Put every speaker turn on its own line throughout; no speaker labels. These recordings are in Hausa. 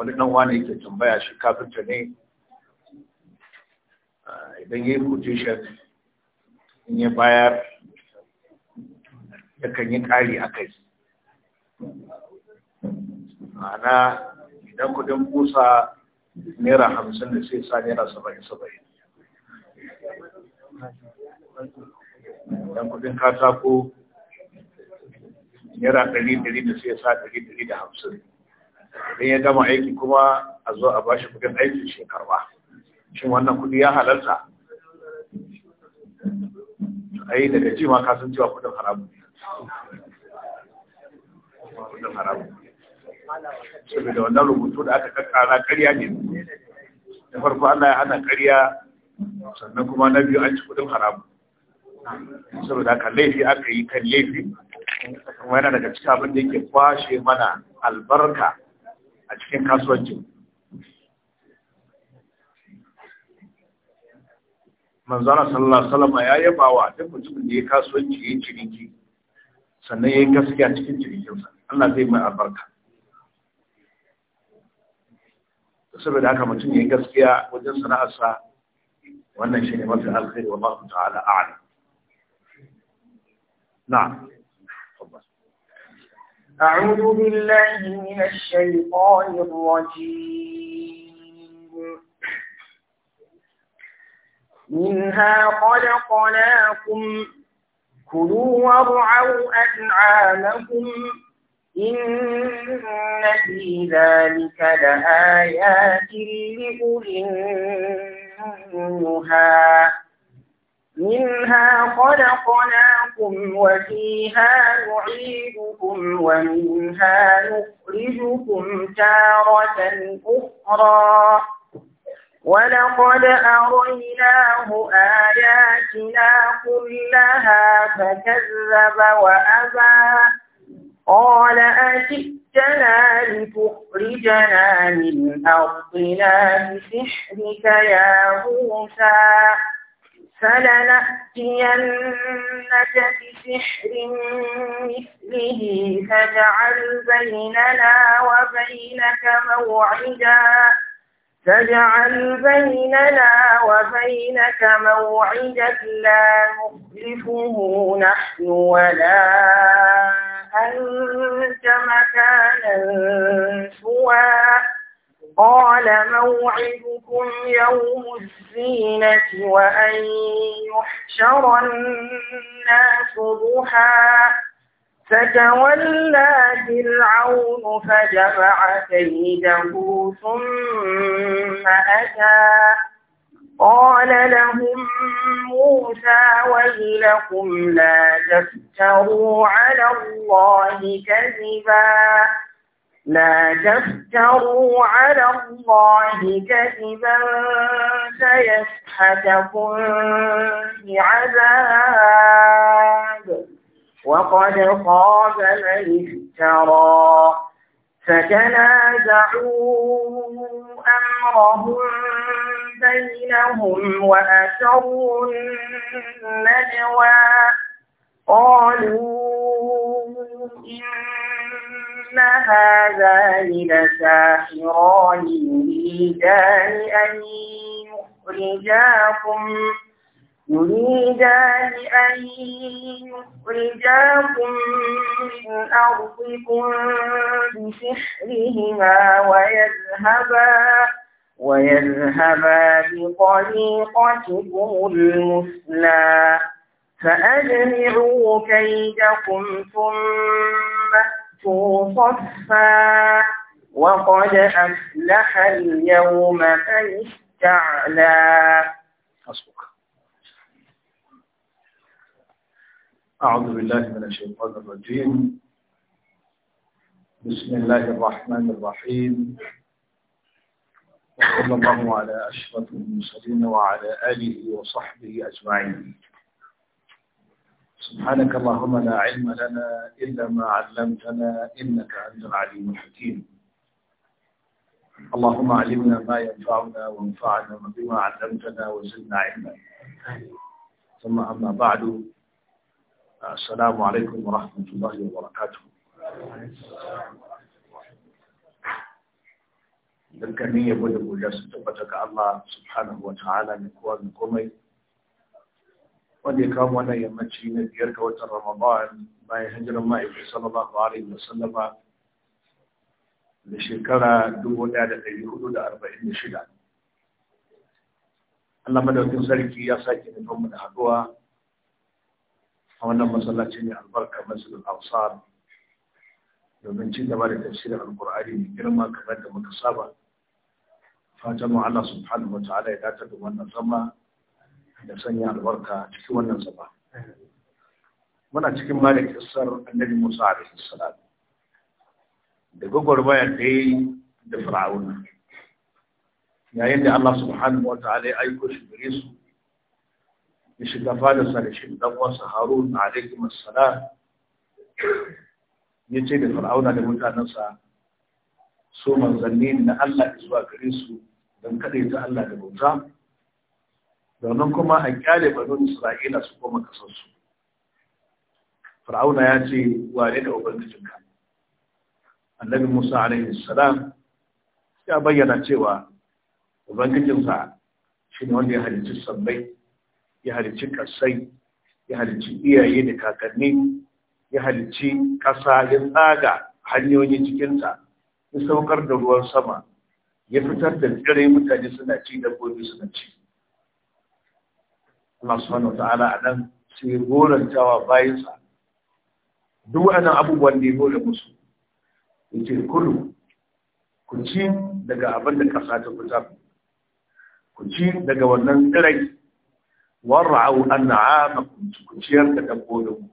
wani dan wani yake tambaya shi kafinta ne idan yi quotation in yi bayar kan yi ƙari a kai ma'ana idan kudin busa naira hamsin da sai sa naira saba'in saba'in idan kudin katako naira ɗari ɗari da sai sa ɗari ɗari da hamsin in ya gama aiki kuma a zo a bashi kudin aikin shi karba shin wannan kudi ya halarta yi daga ji ma ka san cewa kudin haramu kudin haramu saboda wannan rubutu da aka kakkara karya ne da farko ana ya hana karya sannan kuma na biyu an ci kudin haramu saboda aka laifi aka yi kan laifi kuma yana daga cikin abin da yake kwashe mana albarka a cikin kasuwancin manzana sallallahu salama ya yaba wa duk mutumin da ya kasuwanci ya ciniki sannan ya yi gaskiya cikin cinikinsa Allah zai mai albarka saboda haka mutum ya yi gaskiya wajen sana'arsa wannan shi ne mafi alkhairi wa ta'ala a'lam na'am
أعوذ بالله من الشيطان الرجيم منها خلقناكم كلوا وارعوا أنعامكم إن في ذلك لآيات لأولي النهى منها خلقناكم وفيها نعيدكم ومنها نخرجكم تارة أخرى ولقد أريناه آياتنا كلها فكذب وأبى قال أجئتنا لتخرجنا من أرضنا بسحرك يا موسى فلنأتينك بسحر مثله فاجعل بيننا وبينك موعدا فاجعل بيننا وبينك موعدا لا نخلفه نحن ولا أنت مكانا سواه قال موعدكم يوم الزينة وأن يحشر الناس ضحى فتولى فرعون فجمع كيده ثم أتى قال لهم موسى ويلكم لا تفتروا على الله كذبا لا تفتروا على الله كذبا فيسحتكم بعذاب وقد خاب من افترى فتنازعوا أمرهم بينهم وأسروا النجوى قالوا إن هذا لساحران يريدان أن يخرجاكم يريدان أن يخرجاكم من أرضكم بسحرهما ويذهبا ويذهبا بطريقتكم المثلى فأجمعوا كيدكم ثم أتوا صفا وقد أفلح اليوم من استعلى حسبك
أعوذ بالله من الشيطان الرجيم بسم الله الرحمن الرحيم
وصلى الله
على أشرف المرسلين وعلى آله وصحبه أجمعين سبحانك اللهم لا علم لنا إلا ما علمتنا إنك أنت العليم الحكيم اللهم علمنا ما ينفعنا وانفعنا بما علمتنا وزدنا علما ثم أما بعد السلام عليكم ورحمة الله وبركاته dukkanin yabo da godiya su الله سبحانه وتعالى subhanahu wa ta'ala
wanda ya kama wannan
yammaci na biyar ga watan ramadan bayan hijiran ma'aikin sallallahu alaihi wa sallama da shekara dubu ɗaya da ɗari hudu da arba'in da shida Allah madaukin sarki ya sake nufin mu da haɗuwa a wannan masallaci ne albarka masjidul ansar domin ci gaba da tafsirin alkur'ani mai girma kamar da muka saba fatan mu Allah subhanahu wa ta'ala ya dace da wannan zama da sanya albarka cikin wannan mm. zaba muna cikin ba da kissar annabi musa a alaihi Salatu. da gwagwarmaya da yi da fir'auna yayin da allah subhanahu wa ta'ala ya aiko shi gare su ya shiga fadarsa da dan wasu harun alaihi salam ya ce da fir'auna da mutanensa su manzanni na allah zuwa gare su don kaɗai ta allah da bauta domin kuma a kyale banu isra'ila su koma kasarsu fir'auna ya ce wane da ubangijinka annabi musa alaihi salam ya bayyana cewa ubangijinsa shi ne wanda ya halicci sabbai ya halicci kasai ya halicci iyaye da kakanni ya halicci kasa ya tsaga hanyoyin cikinta ya saukar da ruwan sama ya fitar da tsirai mutane suna ci dabbobi suna ci Allah subhanahu ta'ala a nan sai gorantawa bayansa duk waɗannan abubuwan da ya gole musu ce kulu ku ci daga abin da kasa ta fita, ku ci daga wannan tsirai na anna'amakum ku ciyar da dabbobinku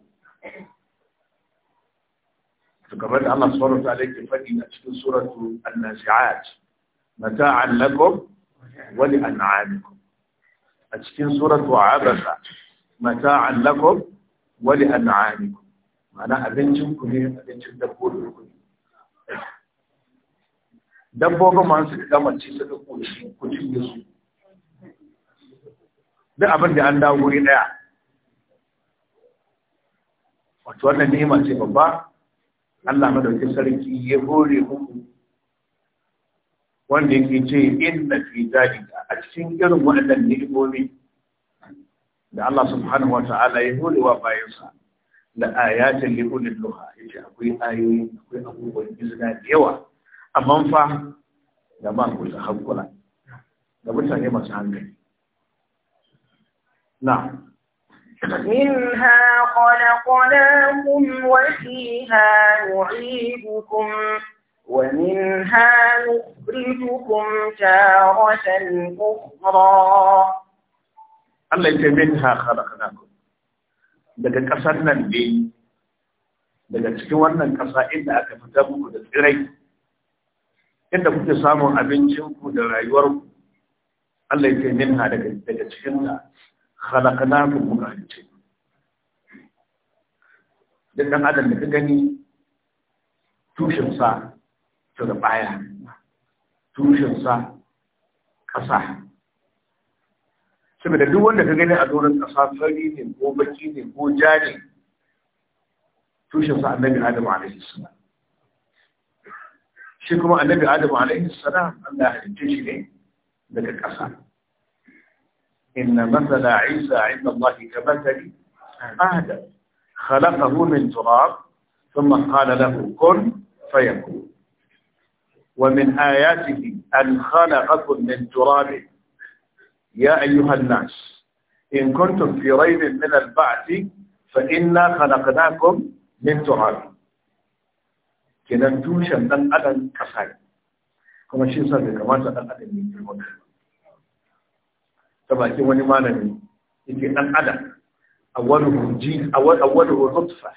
kamar da Allah subhanahu wataala yake faɗi a cikin suratu an-nasi'at mata'an lakum wa ku. a cikin suratu abasa mata'an lakum wa li an'amikum Mana abincin ku ne abincin dabbobin ku ne dabbobin ma su gama ci suka koshi ku ci da su duk abin da an dawo wuri daya wato wannan ni'ima ce babba Allah madauki sarki ya gore muku wanda yake ce inna fi zalika a cikin irin waɗannan ni'imomi da Allah subhanahu wa ta'ala ya hore wa bayansa da ayatin li ulil duha yace akwai ayoyi akwai abubuwan izina da yawa amma fa da ba ku da hankula da mutane masu hankali na
منها خلقناكم وفيها نعيدكم ومنها نخرجكم تارة أخرى
Allah ya minha khalaqnakum daga kasar nan ne daga cikin wannan kasa inda aka fita muku da tsirai inda kuke samun abincin ku da rayuwar ku Allah ya minha daga daga cikin ta khalaqnakum muka halice duk da ka gani tushen sa daga baya tushensa ƙasa saboda duk wanda ka gani a doron ƙasa fari ne ko baki ne ko ja ne tushensa annabi adamu alaihi salam shi kuma annabi adamu alaihi salam Allah halitta shi ne daga ƙasa inna masala isa inda Allah ka masali adam خلقه من تراب ثم قال له كن فيكون ومن آياته أن خلقكم من تراب يا أيها الناس إن كنتم في ريب من البعث فإنا خلقناكم من تراب كنا توشا من أدن كسائي إذا أن أدن أوله جيف أوله رطفة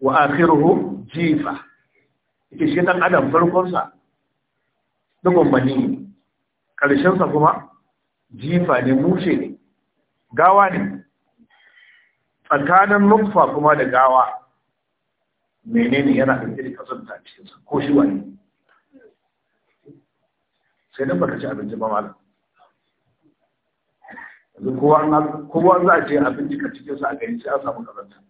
وآخره جيفة إذا شين أدن فرقصة dugun karshen sa kuma jifa ne mushe ne gawa ne tsakanin nutfa kuma da gawa menene yana ɗauke da kazanta cikinsa ko shi wani sai dan baka ci abinci ba malam yanzu kowa na kowa za a ce abinci ka cikinsa a gari sai an samu ta.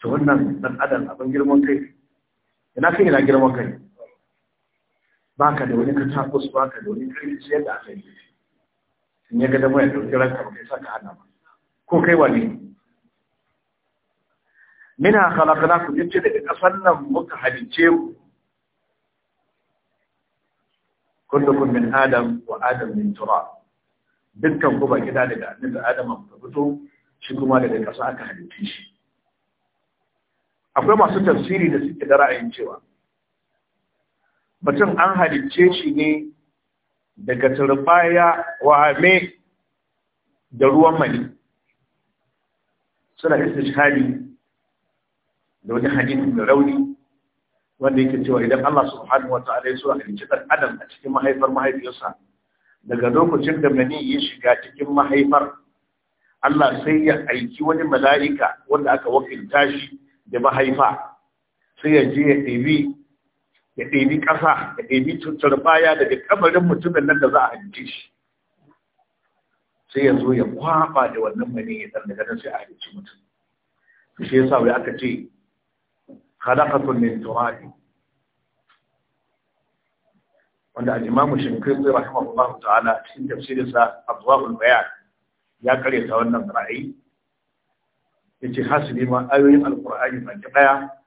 to wannan dan adam abin girman kai ina kai ina girman kai ba ka da wani katakus ba ka da wani karfi sai yadda aka yi in ya ga dama ya dauki ranka ba kai ka hana ba ko kai wani mina khalaqna ku yace daga kasar nan muka halice ku kullukum min adam wa adam min turab dukkan ku ba gida daga annabi adam ku fito shi kuma daga kasa aka halice shi akwai masu tafsiri da suke da ra'ayin cewa mutum an halicce shi ne daga turbaya me da ruwan mani suna isa shahadi da wani hadisi da rauni wanda yake cewa idan Allah subhanahu wata'ala ya so a halicci dan adam a cikin mahaifar mahaifiyarsa daga lokacin da mani ya shiga cikin mahaifar Allah sai ya aiki wani mala'ika wanda aka wakilta shi da mahaifa sai ya je ya ɗabi. ya ɗebi ƙasa ya ɗebi cutar baya daga kamarin mutumin nan da za a halice shi sai ya zo ya kwaba da wannan mani ya ɗan daga sai a halice mutum shi yasa wai aka ce khalaqatun min turabi wanda al-Imam Shinkiri rahimahullahu ta'ala cikin tafsirinsa Abwaul Bayan ya karyata wannan ra'ayi yace hasbi ma ayoyin al-Qur'ani ta daya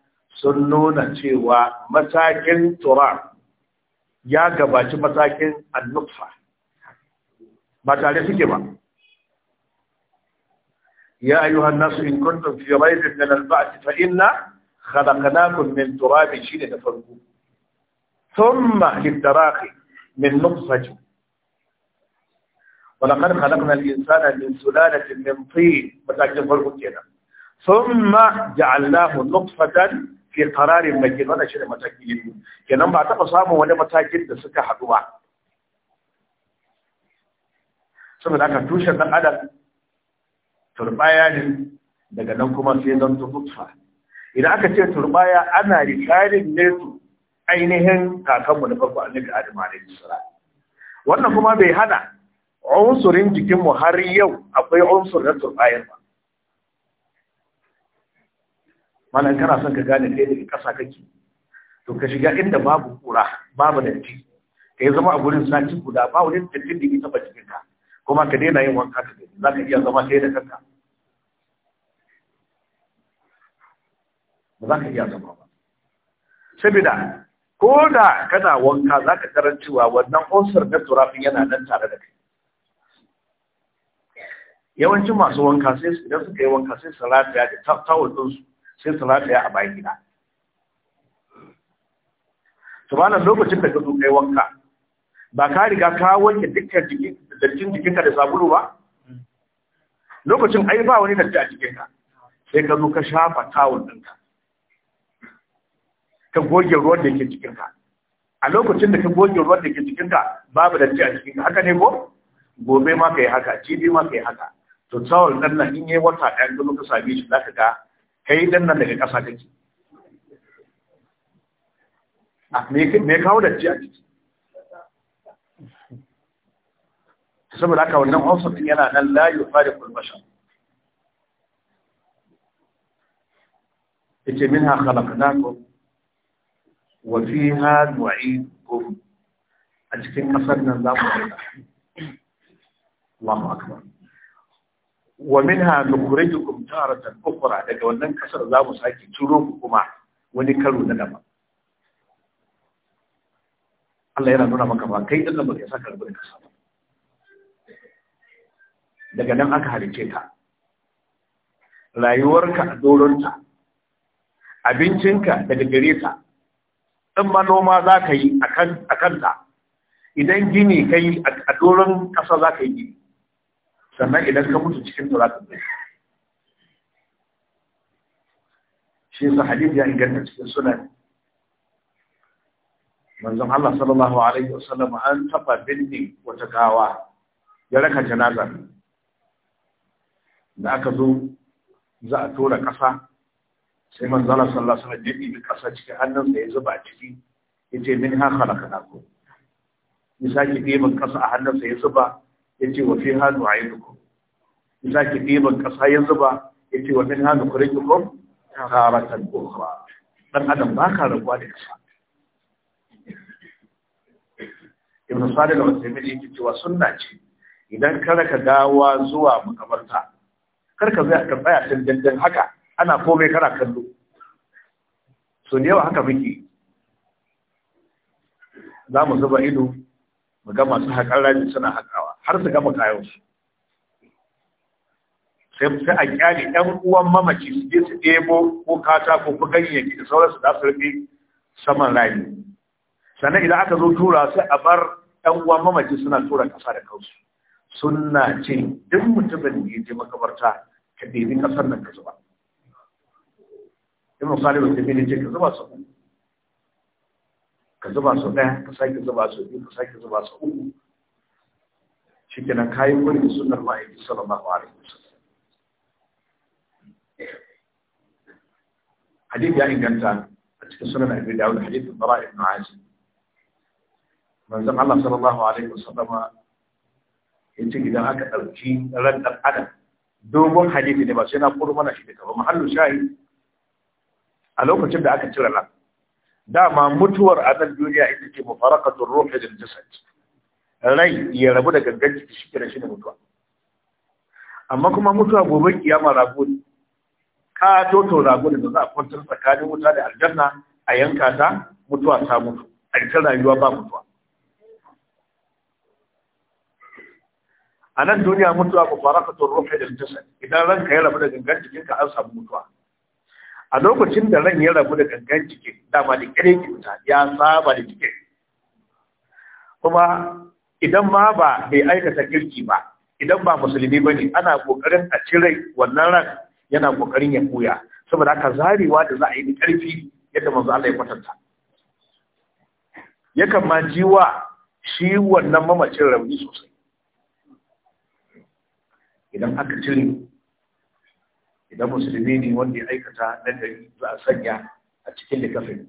sun nuna cewa matakin tura ya gabaci matakin annufa ba tare suke ba ya ayyuhan nasu in kuntum fi raibin min al-ba'th fa inna khalaqnakum min turab shine da farko thumma litaraqi min nutfati ولقد خلقنا الإنسان من سلالة من طين متاكد فرق كده ثم جعلناه نطفة fi qararin ke wanda shi da mataki biyu kenan ba taɓa samun wani matakin da suka haɗu ba da aka tushe ɗan adam turbaya ne daga nan kuma sai zan tufa idan aka ce turbaya ana rikarin ne su ainihin kakanmu na farko annabi adam da salam wannan kuma bai hana unsurin jikinmu har yau akwai unsur na turbayar ba malam kana son ka gane kai daga ƙasa kake to ka shiga inda babu kura babu datti ka yi zama a gurin sati guda ba wani dattin da ita taɓa cikin ka kuma ka daina yin wanka ka gani za ka iya zama kai da kanka ba za ka iya zama ba saboda ko da kana wanka za ka tarar cewa wannan onsar na turafin yana nan tare da kai yawancin masu wanka sai idan suka yi wanka sai su rataya da tawul ɗinsu sai su rataya a bayan gida to ba lokacin da ka zo kai wanka ba ka riga ka wanke dukkan jikin jikinka da sabulu ba lokacin ai ba wani datti a jikinka sai ka zo ka shafa tawul ɗinka ka goge ruwan da ke jikinka a lokacin da ka goge ruwan da ke jikinka babu datti a jikinka haka ne ko gobe ma ka haka jibi ma ka haka to tawul ɗan nan in yi wata ɗaya ka zo ka same shi za ka ga kai dan nan daga ƙasa kake a me me kawo da ji a ciki saboda haka wannan ofis din yana nan la yufariqul bashar yace minha khalaqnakum wa fiha nu'idukum a cikin kasar nan za mu Allah akbar wa minha nukhrijukum taratan ukhra daga wannan kasar za mu sake turo ku kuma wani karo na dama? Allah yana nuna maka ba kai din ya sa saka rubuta kasa daga nan aka halice ka rayuwarka a abincin ka daga gare ta in ma noma za ka yi a kanta idan gini kai a doron kasa za ka yi gini sannan idan ka mutu cikin ta za ka mutu shi yasa hadith ya inganta cikin sunan manzon Allah sallallahu alaihi wasallam an taba binne wata gawa ya raka janazar da aka zo za a tura ƙasa sai manzon Allah sallallahu alaihi wasallam ya ƙasa cikin hannunsa ya zuba ciki yace min ha khalaqnakum ya sake ɗiban ƙasa a hannunsa ya zuba yace wa fi hanu aidukum za ki ɗiban ƙasa ya zuba yace wa min hanu kurikum taratan ukhra dan adam ba ka rabuwa da ƙasa ibn da wasu uthaymin yake cewa sunna ce idan ka dawa zuwa makabarta kar ka zai ka tsaya tun dandan haka ana komai kana kallo so da yawa haka muke za mu zuba ido mu ga masu haƙar rajin suna haƙa har su gama kayan su sai a kyale ɗan uwan mamaci su je su ɗebo ko kata ko ko ganyayyaki da sauransu da su rufe saman rami sannan idan aka zo tura sai a bar ɗan uwan mamaci suna tura ƙasa da kansu suna ce duk mutumin da ya je makabarta ka ɗebi ƙasar nan ka zuba in misali wata mini ce ka zuba su ka zuba su ɗaya ka sake zuba su biyu ka sake zuba su uku shi kenan kayi gurin sunar ma'aiki sallallahu alaihi wasallam hadith ya inganta a cikin sunan abi dawud hadithin bara ibn azib manzon Allah sallallahu alaihi wasallam yace idan aka dauki ran dan adam dogon hadithi ne ba sai na kuru mana shi daga mahallu shahi a lokacin da aka cire ran dama mutuwar a nan duniya ita ce mafarakatun ruhi lil jasad rai ya rabu da gangan jiki shi kira shi ne mutuwa amma kuma mutuwa gobe kiyama rago ne ka toto rago ne da za a kwantar tsakanin wuta da aljanna a yanka ta mutuwa ta mutu a ita rayuwa ba mutuwa a nan duniya mutuwa ba fara katon rufe da jasad idan ranka ya rabu da gangan jikinka an samu mutuwa a lokacin da ran ya rabu da gangan jikin dama da kere kyauta ya saba da jikin kuma idan ma ba bai aikata kirki ba idan ba musulmi ba ne ana kokarin a cire wannan ran yana kokarin ya buya saboda haka zarewa da za a yi karfi ƙarfi yadda manzo Allah ya kwatanta Ya kan ma jiwa shi wannan mamacin rauni sosai idan aka cire idan musulmi ne wanda ya aikata na gari za a sanya a cikin likafin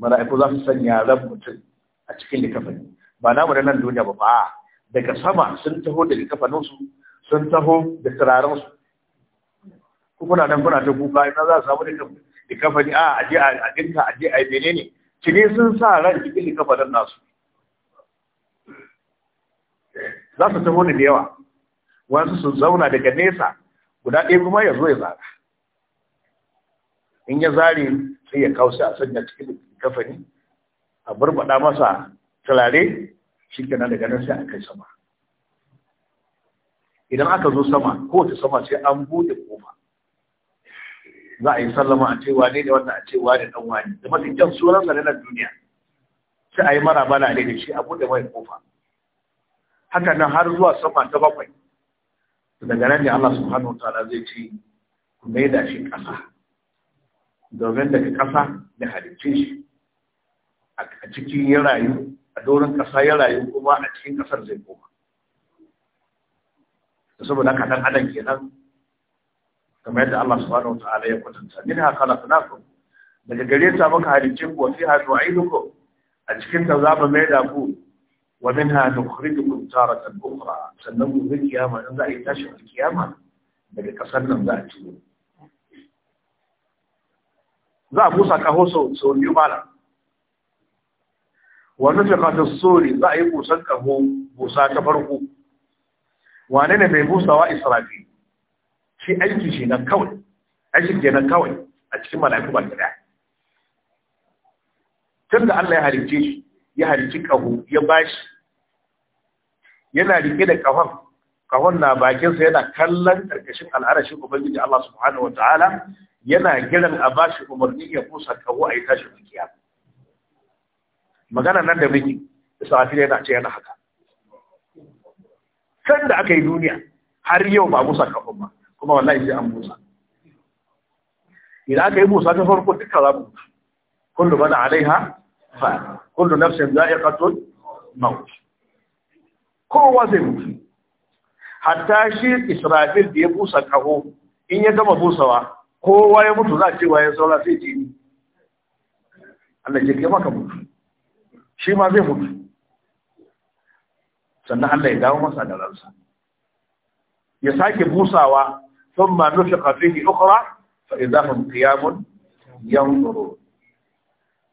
mala'iku za su sanya ran mutum a cikin likafin ba namu da nan duniya ba ba daga sama sun taho daga kafanunsu sun taho da turarensu kuna nan kuna ta kuka ina za a samu da kafani a aje a dinka aje a yi ne cini sun sa ran cikin da kafanin nasu za su taho da yawa wasu sun zauna daga nesa guda ɗaya kuma ya zo ya zara in ya zare sai ya kawo sai a sanya cikin kafani a barbaɗa masa turare shi kenan daga nan sai a kai sama idan aka zo sama kowace sama sai an buɗe kofa za a yi sallama a cewa ne da wannan a cewa da dan wani da mafi kyan sunan sa na duniya sai a yi maraba na da shi a buɗe mai kofa haka nan har zuwa sama ta bakwai daga nan ne Allah subhanahu wataala zai ce ku mai da shi ƙasa domin daga ƙasa da halicce shi a cikin yin rayu a doron ƙasa ya rayu kuma a cikin ƙasar zai koma saboda haka dan adam kenan kamar yadda Allah subhanahu Ta'ala ya kwatanta min ha khalaqnakum daga gare ta muka halicin ku fi hadu aidukum a cikin ta za mu mai da ku wa min ha nukhrijukum taratan ukhra sannan mu zai kiyama in za a yi tashin kiyama daga kasar nan za a ci za a busa kaho sau biyu malam wani shakatun sori za a yi busan ƙaho busa ta farko wane ne mai busawa israfi shi aiki shi na kawai aiki ke na kawai a cikin mala'iku ba gida tun da Allah ya halicce shi ya halicci ƙaho ya bashi yana rike da ƙahon ƙahon na bakinsa yana kallon ƙarƙashin al'arashin ubangiji Allah subhanahu wa ta'ala yana giran a bashi umarni ya busa ƙaho a yi tashin kiyama magana nan da miki israfil yana ce yana haka san da aka yi duniya har yau ba musa kafin ba kuma wallahi sai an musa idan aka yi musa ta farko duka za mu kullu bana alaiha fa kullu nafsin za'iqatul maut kowa zai mutu hatta shi israfil da ya busa kaho in ya gama busawa kowa ya mutu za a ce ya saura sai ce Allah ya kai maka mutu shi ma zai mutu sannan Allah ya dawo masa da ransa ya sake busawa ma nufi fihi ukhra fa idan idahum qiyamun yanzurun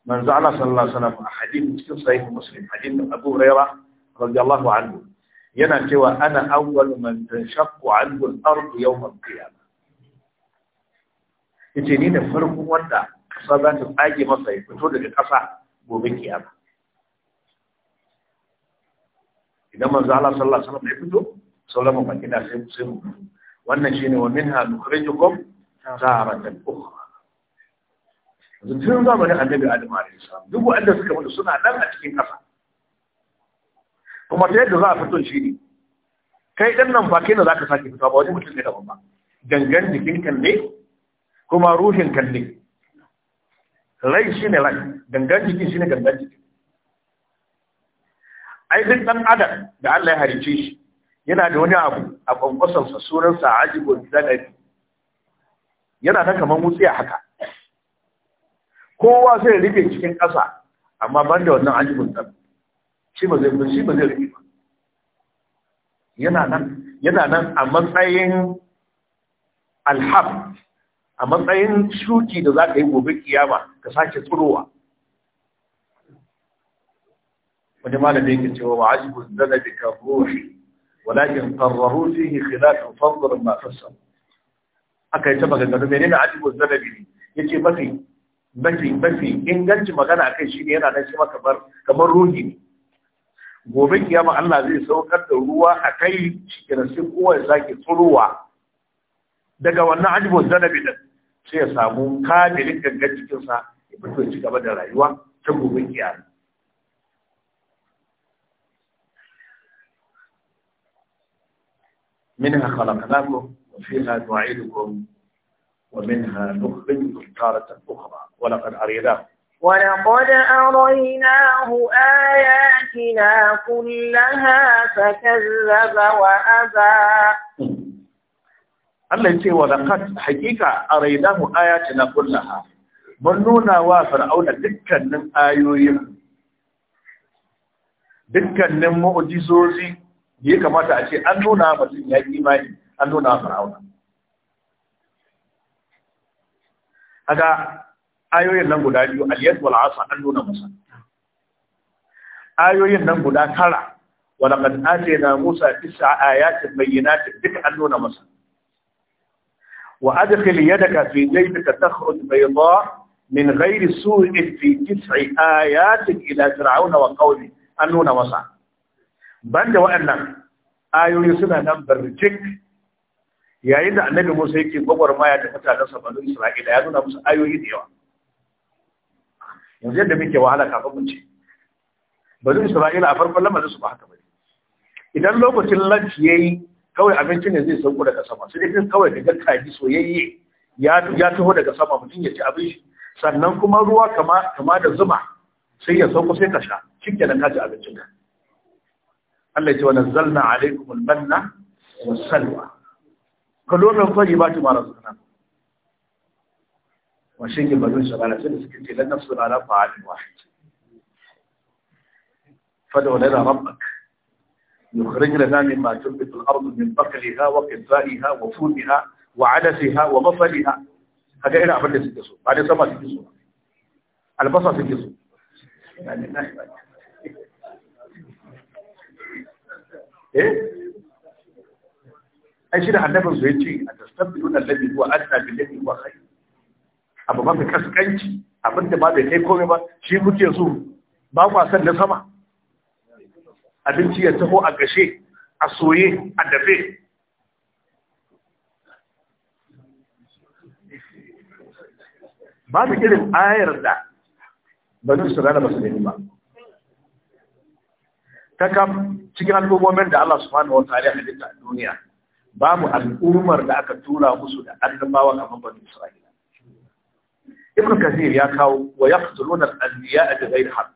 man za'ala sallallahu alaihi wasallam a hadith cikin sahih muslim hadith Abu Hurairah radiyallahu anhu yana cewa ana awwal man tanshaqqu anhu al-ard yawm al-qiyamah yace ni ne farkon wanda kasa za ta tsage masa ya fito daga kasa gobe kiyama idan manzo Allah sallallahu alaihi wasallam ya fito baki da sai sai mu wannan shine wa minha nukhrijukum taratan ukhra tun zamanin annabi Adam alaihi salam duk wanda suka mutu suna nan a cikin kafa kuma sai yadda za a fito shi ne kai dan nan baki kai ne zaka saki fito ba wani mutum ne daban ba dangan jikin kan ne kuma ruhin kan ne rai shine rai dangan jikin shine dangan jikin ai duk dan adam da Allah ya harice shi yana da wani abu a kwankwasan sa suran sa ajibu zanari yana da kaman a haka kowa sai rufe cikin ƙasa amma ban da wannan ajibu zanari shi ba zai shi ba zai rike ba yana nan yana nan a matsayin alhab a matsayin shuki da za ka yi gobe kiyama ka sake tsirowa wani malami yake cewa wa ajibu zalabi ka ruhi walakin qarraru fihi khilafun fanzur ma fassar aka yi ta magana maganganu menene ajibu zalabi yace mafi mafi mafi inganci magana akai shi ne yana nan shi kamar kamar ruhi ne gobe kiyama Allah zai saukar da ruwa a kai cikin sai kowa ya sake tsuruwa daga wannan ajibu zalabi din sai ya samu kamilin gangan cikinsa ya fito ci gaba da rayuwa ta gobe kiyama منها خلقناكم وفيها نعيدكم ومنها نخرجكم تارة أخرى ولقد أريناه
ولقد أريناه آياتنا كلها فكذب وأبى
الله يقول ولقد حقيقة أريناه آياتنا كلها منونا وافر أولا دكا من آيوين دكا من مؤجزوزي ya kamata a ce an nuna mutum ya yi imani an nuna fir'auna kaga ayoyin nan guda biyu al-yad wal 'asa an nuna musa ayoyin nan guda tara ولقد آتينا موسى تسع آيات بينات ذكر أنونا مثلا وأدخل يدك في جيبك تخرج بيضاء من غير سوء في تسع آيات إلى فرعون وقومه أنونا مثلا banda waɗannan ayoyi suna nan barjik yayin da annabi musa yake gwagwarmaya da mutanen banu isra'ila ya nuna musu ayoyi da yawa yanzu yadda muke wahala kafin mu ce banu isra'ila a farkon lamarin su ba haka bane idan lokacin lanci yayi kawai abinci ne zai sauko daga sama sai dai kawai daga kaji soyayye ya ya taho daga sama mutum ya ci abinci. sannan kuma ruwa kama kama da zuma sai ya sauko sai ka sha shikenan ka ci abincin ka التي ونزلنا عليكم المنة والسلوى كلوا من الطيبات ما رزقنا وشيء بدون شغالة سكتي لن نصبر على فعل واحد فدعو لنا ربك يخرج لنا مما تنبت الأرض من بقلها وقفائها وفومها وعدسها ومصلها هذا إلى عبد الله سكتي بعد سما سكتي البصر سكتي يعني نحن eh ai shi da annabin su yace atastabdiluna alladhi huwa adna billadhi huwa khayr abu ba mai kaskanci abinda ba bai kai komai ba shi kuke so ba kwa san na sama abinci ya taho a gashe a soye a dafe Ba babu irin ayar da banin su rana ba su gani ba ta kam cikin al'ummomin da Allah subhanahu wataala ya halitta a duniya babu al'ummar da aka tura musu da annabawa kamar bani Isra'ila Ibn Kathir ya kawo wa yaqtuluna al-anbiya'a bi ghairi haqq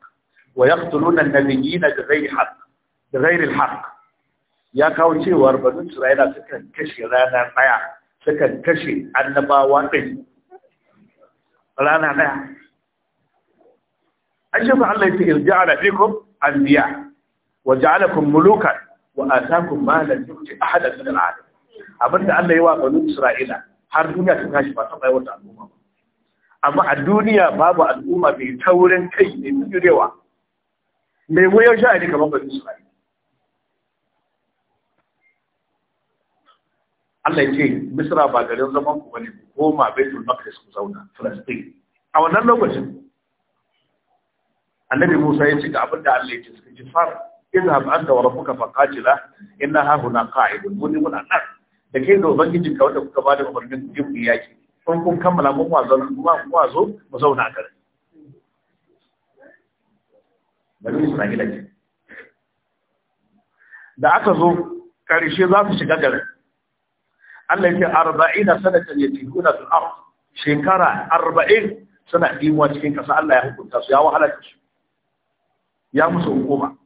wa yaqtuluna an-nabiyyina bi ghairi haqq bi ghairi al-haqq ya kawo cewar bani Isra'ila suka kashe rana daya suka kashe annabawa din rana daya ashe ba Allah ya ce irja'ala fikum anbiya'a wa ja'alakum mulukan wa atakum ma lam yu'ti ahadan min al'alamin abinda Allah ya wa banu Isra'ila har duniya ta tashi ba bai wata al'umma ba amma a duniya babu al'umma mai taurin kai mai jurewa mai wayar sha'ani kamar banu Isra'ila Allah ya ce Misra ba garin zaman ku bane ku koma Baitul Maqdis ku zauna Palestine a wannan lokacin Annabi Musa ya ce ga abinda Allah ya ce suka ji fara izhab anta wa rabbuka faqatila inna ha huna qa'idun wani muna nan da kai da ubangijin ka wanda kuka bada umarnin ku yi yaki kun kun kammala mun wazo kuma kun wazo mu zauna a garin bari Isra'ila ce da aka zo karshe za su shiga garin Allah yake 40 sanatan yatihuna fil ard shekara arba'in suna dimuwa cikin ƙasa. Allah ya hukunta su ya wahala su ya musu hukuma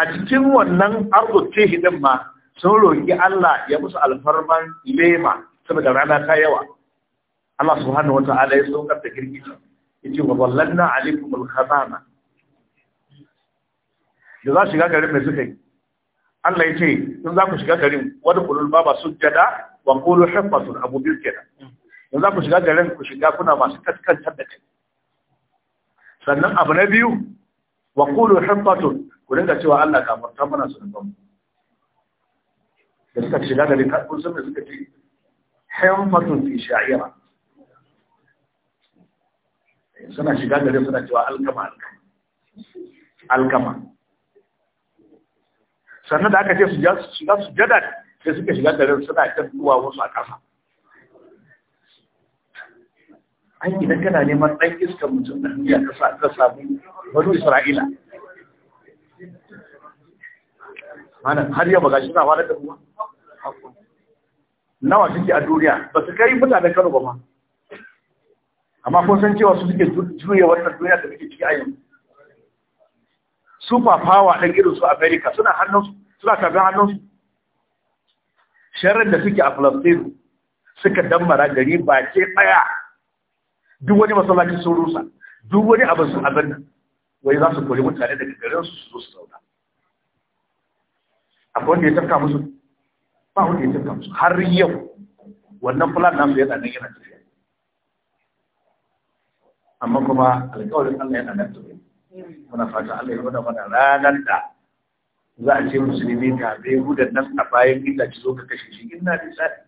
a cikin wannan arzu tehi din ma sun roƙi Allah ya musu alfarman lema saboda rana ta yawa Allah subhanahu wa ta'ala ya saukar da girgiji yace wa wallanna alaikum alifu khatama da za shiga garin mai suka yi Allah ya ce in za ku shiga garin wani kulul baba jada wa qulu hifasun abu biyu in za ku shiga garin ku shiga kuna masu kaskantar da kai sannan abu na biyu wa qulu hifasun ku rinka cewa Allah kafar gafarta mana su dukkan da suka shiga gari kun san da suka ce hamfatun fi sha'ira suna shiga da gari suna cewa alkama alkama sannan da aka ce su shiga su jada sai suka shiga da gari suna kan duwa wasu a ƙasa ai idan kana neman ɗan iskar mutum na hanyar ka sa samu wani isra'ila malam har yau ba shi na wani da ruwa nawa suke a duniya ba su kai mutane kano ba ma amma ko san cewa su suke juya wannan duniya da muke ciki a yanzu super power ɗin irin su america suna hannunsu suna karɓar hannunsu sharar da suke a palestine suka dammara gari ba ke ɗaya duk wani masallaci sun rusa duk wani abin su abin nan wai za su kori mutane daga garin su su zo su zauna akwai wanda ya tafka musu ba wanda ya tafka musu har yau wannan plan nasu yana nan yana tafiya amma kuma alƙawarin Allah yana nan tafiya muna fata Allah ya gwada mana ranar da za a ce musulmi ka bai hudan nan a bayan ita ci zo ka kashe shi na lillahi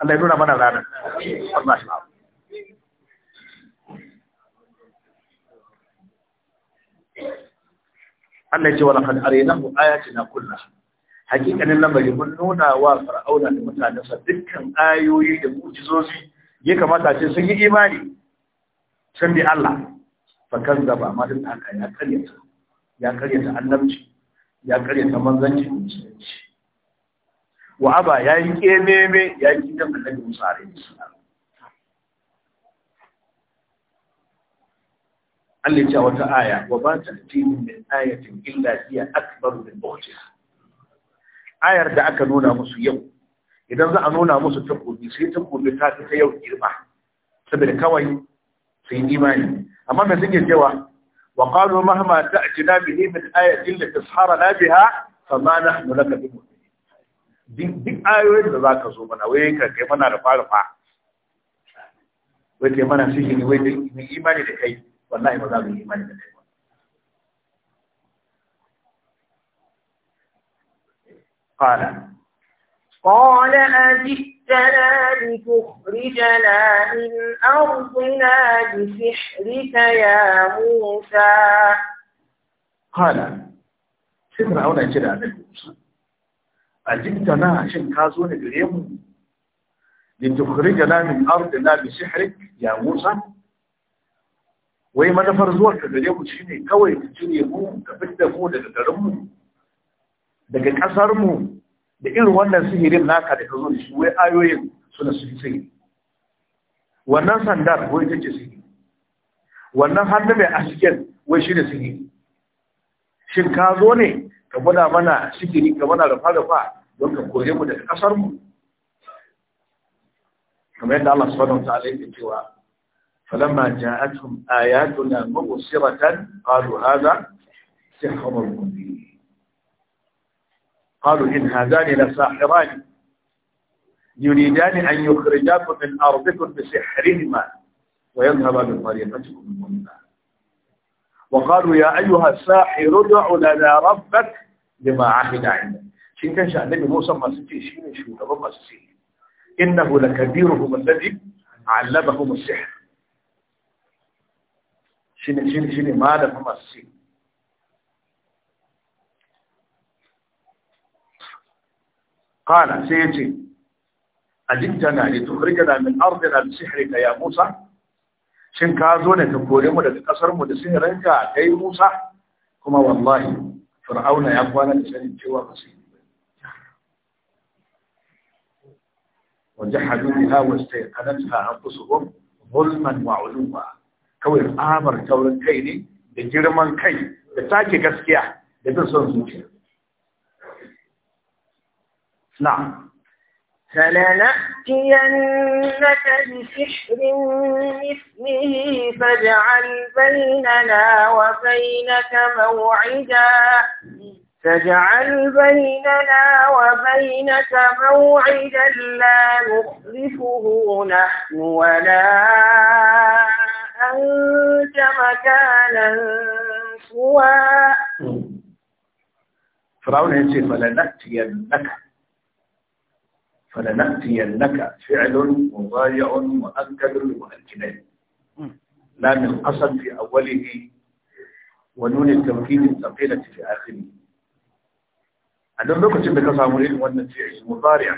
Allah ya nuna mana ranar Allah shi ba Allah ya ce wa ko araynahu na kullum hakikanin lamari mun nuna wa fir'auna da mutanensa dukkan ayoyi da mu'jizozi ya kamata ce sun yi imani sun bi Allah fa kazzaba amma duk haka ya karyata ya karyata annabci ya karyata manzanci da musulunci wa aba ya yi kememe ya yi kidan annabi Musa alaihi salam Allah ya ce wata aya wa ba ta tini min ayatin illa hiya akbaru min ukhtiha ayar da aka nuna musu yau idan za a nuna musu takobi sai takobi ta fi ta yau girma saboda kawai sai imani amma mai suke cewa wa qalu mahma ta'tina bihi min ayatin la tasharana biha fama nahnu laka bimu'minin duk ayoyin da za ka zo mana wai ka kai mana da fara fa. wai kai mana ne wai imani da kai wannan ba za mu imani da kai
قال قال أجئتنا لتخرجنا من أرضنا بسحرك يا موسى
قال سيدنا أولا جدا عليك موسى أجئتنا عشان كازون اليوم لتخرجنا من أرضنا بسحرك يا موسى وي ما zuwan ka gare mu shine kawai ka cire mu daga kasar mu da irin wannan sihirin naka da zo shi wai ayoyin suna su sihiri wannan sandar wai take sihiri wannan hannu mai asken wai shi da sihiri shin ka zo ne ka gwada mana sihiri ka mana rufa rufa don ka kore mu daga kasar mu kamar yadda Allah subhanahu wa ta'ala yake cewa falamma جاءتهم آياتنا مبصرة qalu hadha sihrun mubin قالوا إن هذان لساحران يريدان أن يخرجاكم من أرضكم بسحرهما ويذهبا بطريقتكم المثلى وقالوا يا أيها الساحر ادع لنا ربك لما عهد عندك شين كان النبي موسى ما ستي شين شو ده ما إنه لكبيرهم الذي علمهم السحر شين شين شين ما لهم السحر qala sai yace ajintana li tukhrijana min ardina bi sihrika ya Musa shin ka zo ne ka kore mu daga kasar mu da sihirinka kai Musa kuma wallahi fir'auna ya kwana da sanin cewa ba sai وجحدوا بها واستيقنتها انفسهم ظلما وعلوا kawai tsabar taurin kai ne da girman kai da taki gaskiya
da bin son zuciya نعم فلنأتينك بسحر مثله فاجعل بيننا وبينك موعدا فاجعل بيننا وبينك موعدا لا نخلفه نحن ولا أنت مكانا سوى
فرعون يقول فلنأتينك فلنأتينك فعل مضارع مؤكد مؤكدين لا من أصل في أوله ونون التوكيد الثقيلة في آخره عندما لوكتين da ka samu irin wannan fi'il mudari'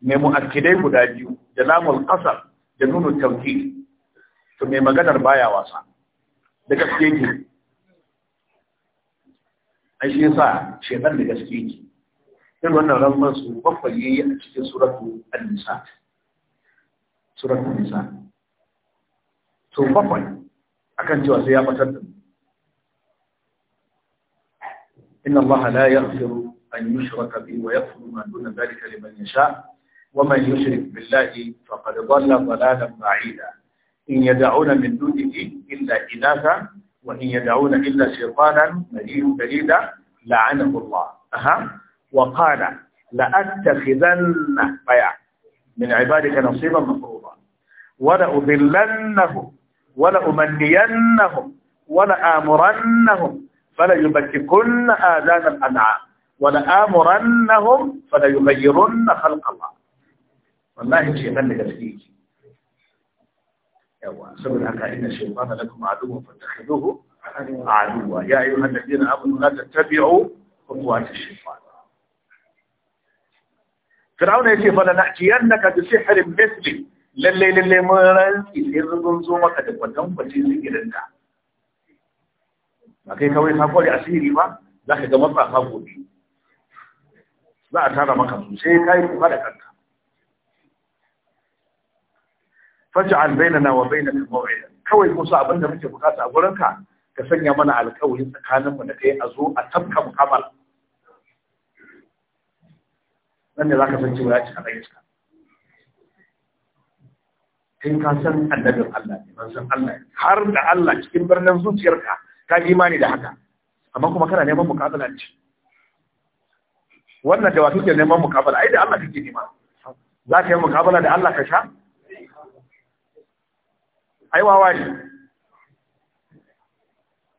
mai mu'akkidai guda biyu da lamul qasr da nunul tawkid to mai maganar baya wasa da gaske ne da gaske irin wannan ramman su bakwai yayi a cikin suratu an-nisa suratu an-nisa to bakwai akan cewa sai ya batar da inna allaha la yaghfiru an yushraka bihi wa yaghfiru ma duna dhalika liman yasha ومن يشرك بالله فقد ضل ضلالا بعيدا إن يدعون من دونه إلا إناثا وإن يدعون إلا شيطانا مريد بريدا لعنه الله أها وقال لأتخذن بيع من عبادك نصيبا مفروضا ولأذلنهم ولأمنينهم ولآمرنهم فليبتكن آذان الأنعام ولآمرنهم فليغيرن خلق الله والله شيطان لتفكيك
يوا سبب حقا
إن الشيطان لكم عدو فاتخذوه عدوا يا أيها الذين آمنوا لا تتبعوا خطوات الشيطان Fir'auna yace fa ka bi sihrin misli lalle lalle mun rantsi sai rugun zo maka da kwatan kwace sihirin ka. Ba kai kawai ka kori asiri ba za ka ga matsafa gobe. Za a tara maka su sai yi kuka da kanka. Faj'al bainana wa bainaka maw'ida. Kawai musu abin da muke bukata a gurinka ka sanya mana alƙawari tsakaninmu da kai a zo a tafka mu kamala sannan za ka san cewa ya ci a iska kai ka san annabin Allah ne ban san Allah har da Allah cikin birnin zuciyarka ka imani da haka amma kuma kana neman mukabala ne wannan da wato ke neman mukabala ai da Allah kake nema za ka yi mukabala da Allah ka sha ai wawa ne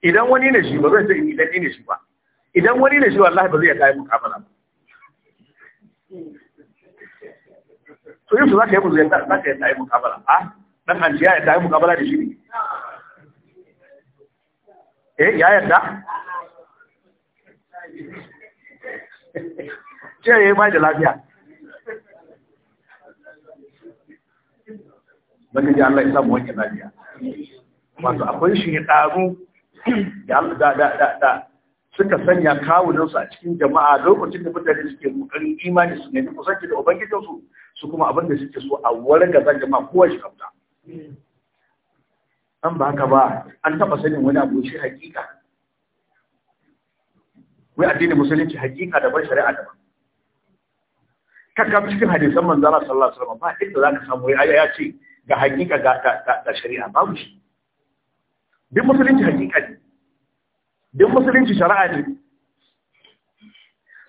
idan wani ne shi ba zai ce idan ne shi ba idan wani ne shi wallahi ba zai kai mukabala ba So yau za ka yi musu yadda za ka yadda yi mukabala a dan hanci ya yadda yi mukabala da shi ne eh ya yadda ce ya yi ba da lafiya zaka ji Allah ya samu wanke lafiya wato akwai shi ɗaru da da da da suka sanya kawunansu a cikin jama'a lokacin da mutane suke kokarin imani su nemi kusanci da ubangijinsu su kuma abin da suke so a wurin gazan jama'a kowa shi kamta an ba haka ba an taba sanin wani abu shi hakika wai addinin musulunci hakika da ban shari'a ba kakka cikin hadisan manzara sallallahu alaihi wasallam ba inda ka samu ya ce ga hakika ga shari'a babu shi duk musulunci hakika ne duk musulunci shari'a ne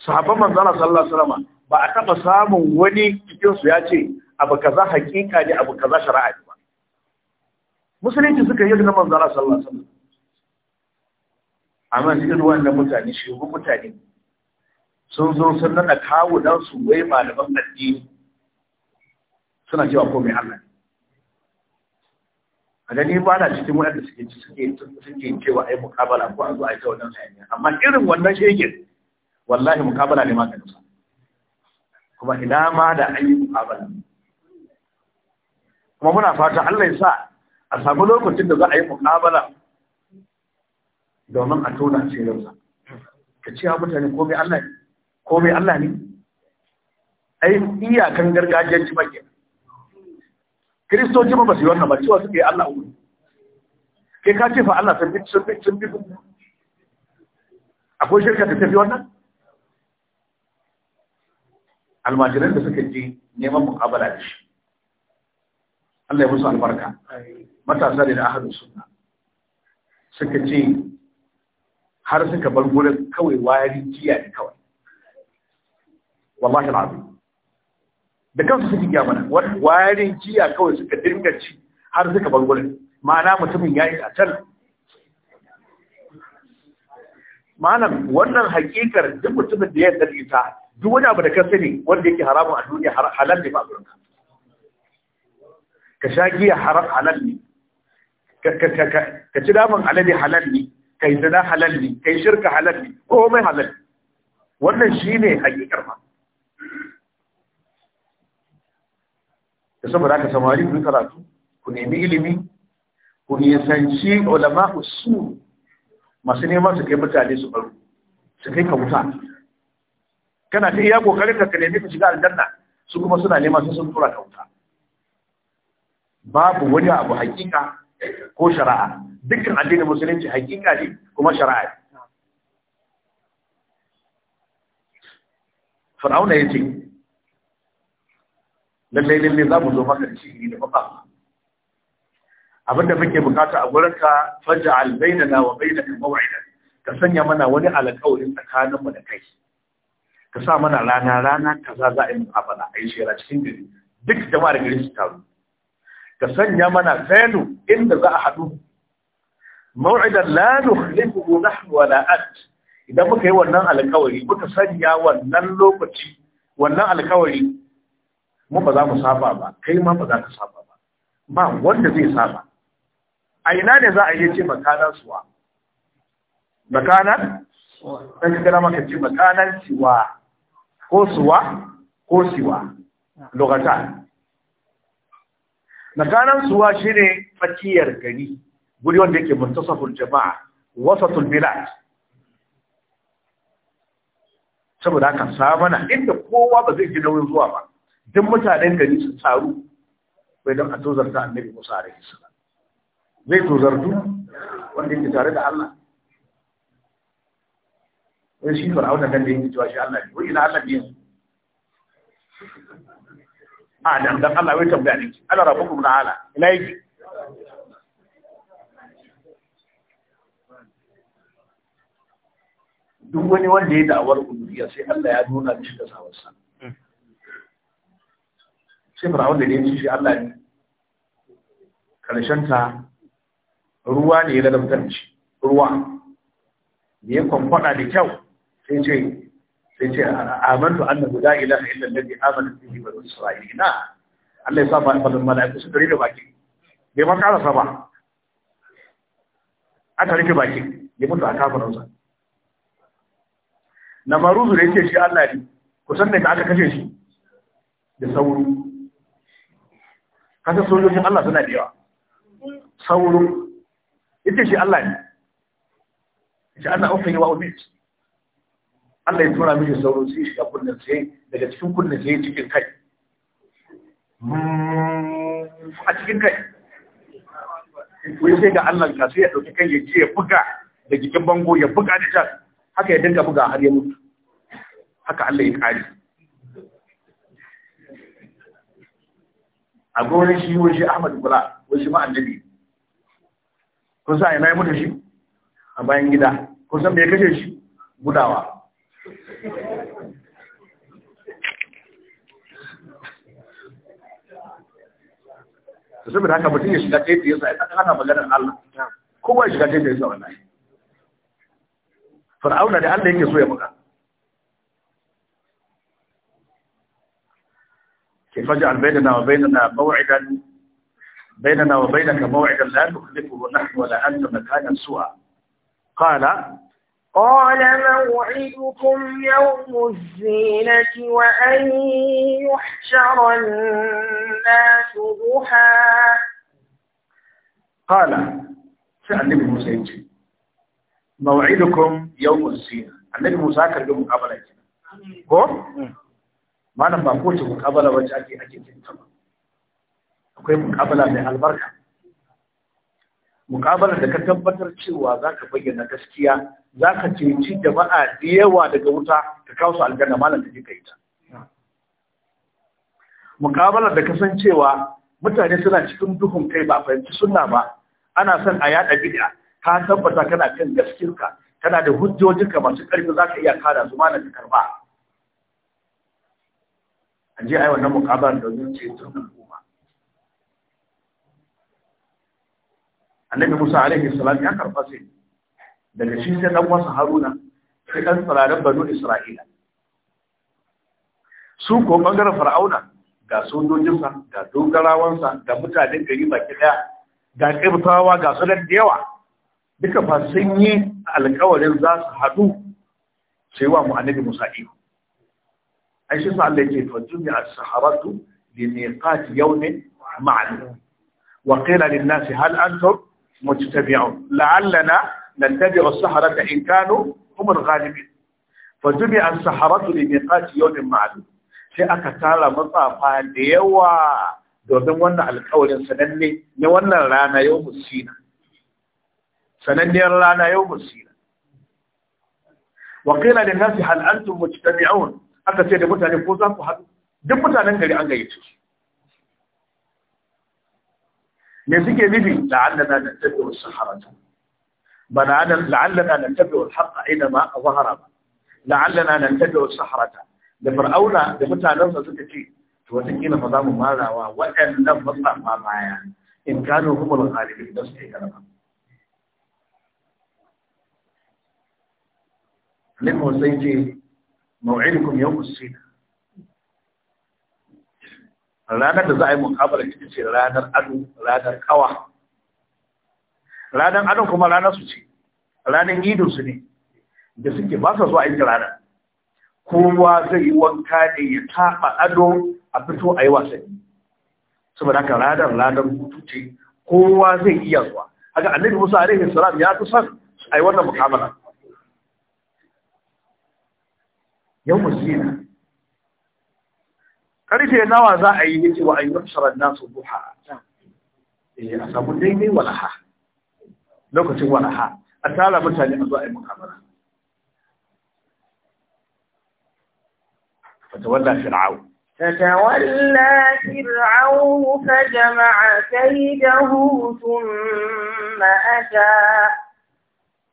sahabban manzala sallallahu alaihi wasallam ba a taba samun wani cikin su ya ce abu kaza hakika ne abu kaza shari'a ne ba musulunci suka yi na manzala sallallahu alaihi wasallam amma cikin wannan mutane shi mutane sun zo sun nada kawo dan su wai malaman addini suna cewa ko mai Allah kaga ni ba na cikin waɗanda suke suke suke cewa ai mukabala ko an zo ai ta wannan hanya amma irin wannan shege wallahi mukabala ne maganin sa kuma ina ma da an yi mukabala kuma muna fata Allah ya sa a samu lokacin da za a yi mukabala domin a tona asirinsa ka ce wa mutane komai Allah ne komai Allah ne ai iyakan gargajiyanci ba kiristoci ba ba su yi wannan ba cewa suke Allah uku ke ka ce fa Allah sun bi sun bi sun bi akwai shirka da tafi wannan almajiran da suka ji neman muƙabala da shi Allah ya musu albarka matasa da ahadu sunna suka ce har suka bar gurin kawai wayar jiya ne kawai wallahi alazim da kansu suke giya mana wayarin jiya kawai suka dinga ci har suka bar gurin ma'ana mutumin ya yi a can Ma'ana wannan hakikar duk mutumin da ya yi ta duk wani abu da ka sani wanda yake haramun a duniya halal ne ba a gurin ka sha giya haram halal ne ka ci daman alade halal ne ka yi zina halal ne ka yi shirka halal ne mai halal wannan shine hakikar ma da saboda aka samari ku karatu ku nemi ilimi ku nisanci ulama su masu neman su kai mutane su baro su kai ka wuta kana ta iya kokarin ka nemi ka shiga aljanna su kuma suna nema sai sun tura ka wuta babu wani abu hakika ko shari'a dukkan addinin musulunci hakika ne kuma shari'a ne Fir'auna ya ce, lallai lallai za mu zo maka da shi da Abin abinda muke bukata a ka faja albainana wa bainaka maw'ida ka sanya mana wani alƙawarin tsakaninmu da kai ka sa mana rana rana kaza za a yi mu'amala a yi shera cikin gari duk jama'ar gari su taru ka sanya mana venue inda za a haɗu maw'idan la nukhlifuhu nahnu wala ant idan muka yi wannan alƙawari muka sanya wannan lokaci wannan alƙawari mu ba za mu saba ba kai ma ba za ka saba ba ba wanda zai saba a ina ne za a yi ce makanan suwa makanan ɗan gara maka ce makanan siwa ko suwa ko siwa lokata makanan suwa shi ne gari guri wanda yake muntasafin jama'a wasatul bilad saboda haka samana inda kowa ba zai ji nauyin zuwa ba duk mutanen gari su taru bai don a tozarta annabi musa a rahisa zai tozartu wanda yake tare da allah wani shi fir'auna nan da yake cewa shi allah ne wani na allah ne a nan dan allah wai tambaya ne ana rabu kuma ala ina yake duk wani wanda ya da'awar kuduriya sai allah ya nuna mishi da sawarsa sai fir'aun da ne ci shi Allah ne karshen ta ruwa ne ya lalata shi ruwa ne ya kwamfada da kyau sai ce sai ce amantu anna la ilaha illa alladhi amana bihi wa isra'ila Allah ya sa ba mala'iku su dare da baki bai ma karasa ba aka rufe baki ya mutu a kafaransa na maruzu da yake shi Allah ne ku kusan da aka kashe shi da sauro kasar sojojin Allah suna da yawa sauro ita shi Allah ne shi Allah ofe yi wa obit Allah ya tura mishi sauro sai shiga kunnen sai daga cikin kunnen sai cikin kai a cikin kai wai sai ga Allah ka sai ya dauki kan ya ce ya buga da jikin bango ya buga da can haka ya dinga buga har ya mutu haka Allah ya kare a gurin shi wai shi Ahmadu kula wai shi ma annabi kun san ina yi mutu shi a bayan gida kun san me kashe shi gudawa da haka mutum ya shiga taifi ya sa ya tsaka ana maganar Allah kuma ya shiga taifi ya wannan fir'auna da Allah yake so ya maka. فاجعل بيننا وبيننا موعدا بيننا وبينك موعدا لا نخلفه نحن ولا أنت مكانا سوءا قال
قال موعدكم يوم الزينة وأن يحشر الناس ضحى
قال سألني النبي موسى موعدكم يوم الزينة النبي موسى كان يوم قبل هو malam ba kowace muƙabala wacce ake ake cinta ba akwai mukabala mai albarka muƙabalar da ka tabbatar cewa za ka bayyana gaskiya za ka ceci jama'a da yawa daga wuta ka kawo su aljanna malam da kika yi ta muƙabalar da ka san cewa mutane suna cikin duhun kai ba fahimci sunna ba ana son a yada bid'a ka tabbata kana kan gaskiyarka kana da hujjojinka masu ƙarfi za ka iya kada su malam ka karba a je a yi wannan muƙabar ce ceton al'umma annabi musa alaihi salam ya karɓa sai daga shi sai dan wasu haruna sai ɗan tsirarin banu isra'ila su ko ɓangaren fara'auna ga sojojinsa ga dogarawansa ga mutanen gari baki ɗaya ga ƙibtawa ga su da yawa duka fa sun yi alkawarin za su haɗu sai wa mu annabi musa ihu ايش يطلع الليل فجمع السحرة لميقات يوم معلوم وقيل للناس هل أنتم مجتمعون لعلنا نتبع السحرة إن كانوا هم الغالبين فجمع السحرة لميقات يوم معلوم في أكتال مطافا ديوا دوبين ونع القول سنني نونع لنا يوم السينة سنني لنا يوم السينة وقيل للناس هل أنتم مجتمعون aka ce da mutane ko za ku haɗu duk mutanen gari an gayyace shi me suke nufi la'allana na tabi'u saharata ba la'allana na tabi'u a ina ma a zahara ba la'allana na tabi'u saharata da fir'auna da mutanensa suka ce to wataƙila ba za mu marawa waɗannan matsafa baya in gano kuma alhalin da suke karama Limon sai ce maw'idukum yawm as-sina ranar da za a yi muqabala ce ranar ado ranar kawa ranar ado kuma ranar su ce ranar idin ne da suke ba sa zuwa aiki ranar kowa zai yi wanka ne ya taɓa ado a a yi wasanni saboda haka ranar ranar hutu ce kowa zai iya zuwa haka annabi musa alaihi salam ya fi son a wannan mukamala يوم الزينة قريت يا نوى ذا أي وأن يحشر نحشر الناس الضحى إيه، أصاب الدين ولها لو كنت ولها أتعالى متى لأضواء المكابرة
فتولى فرعون فتولى فرعون فجمع كيده ثم أتى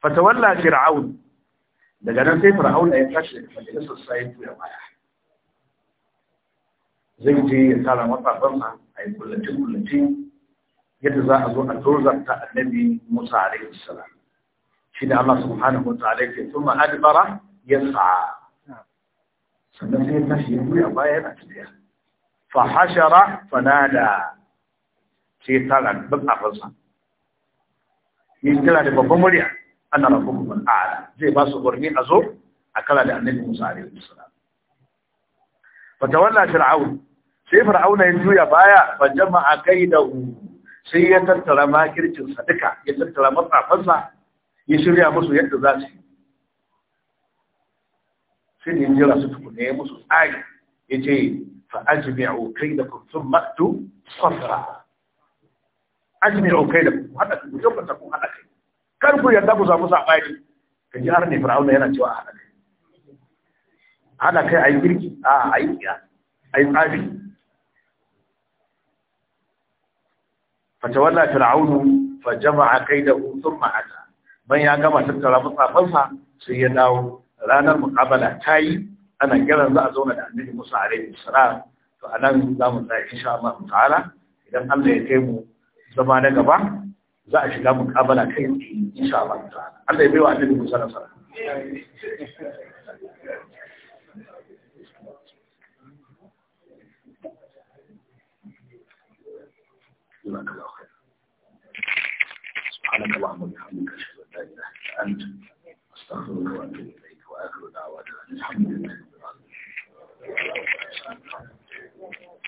فتولى فرعون daga nan sai fir'auna ya tashi daga majalisar sai ya baya zai je ya tara matsafansa a yi kullace kullace yadda za a zo a turzanta annabi musa alaihi salam shi da allah subhanahu wa ta'ala ke tuma adibara ya sa'a sannan sai ya tashi ya buya baya yana tafiya fa hashara nada, sai ya tara matsafansa yi tara da babban murya ana rabbukum ala zai ba su gurmi a zo a kala da annabi Musa alaihi wasallam wannan fir'aun sai fir'auna ya juya baya fa jama'a kaidahu sai ya tattara makircin sa duka ya tattara matsafansa ya shirya musu yadda za su sai ne jira su tukune ya musu tsari ya ce fa ajmi'u kaidakum thumma tu safra ajmi'u kaidakum hada ku tabbata ku kar ku yarda ku samu sabani ka ji har ne fir'auna yana cewa hada kai hada kai ayi girki a ayi ayi tsafi wannan fir'aunu fa jama'a kaidahu thumma ata ban ya gama tattara musafansa sai ya dawo ranar muqabala ta yi ana kiran za a zauna da annabi Musa alaihi salam to anan za mu tsaya insha Allah ta'ala idan Allah ya kai mu zama na gaba za a shiga mukabala kai insha Allah Allah ya baiwa annabi Musa nasara جزاك الله خير سبحانك اللهم وبحمدك اشهد ان لا اله الا انت استغفرك واتوب اليك واخر دعوانا الحمد لله رب العالمين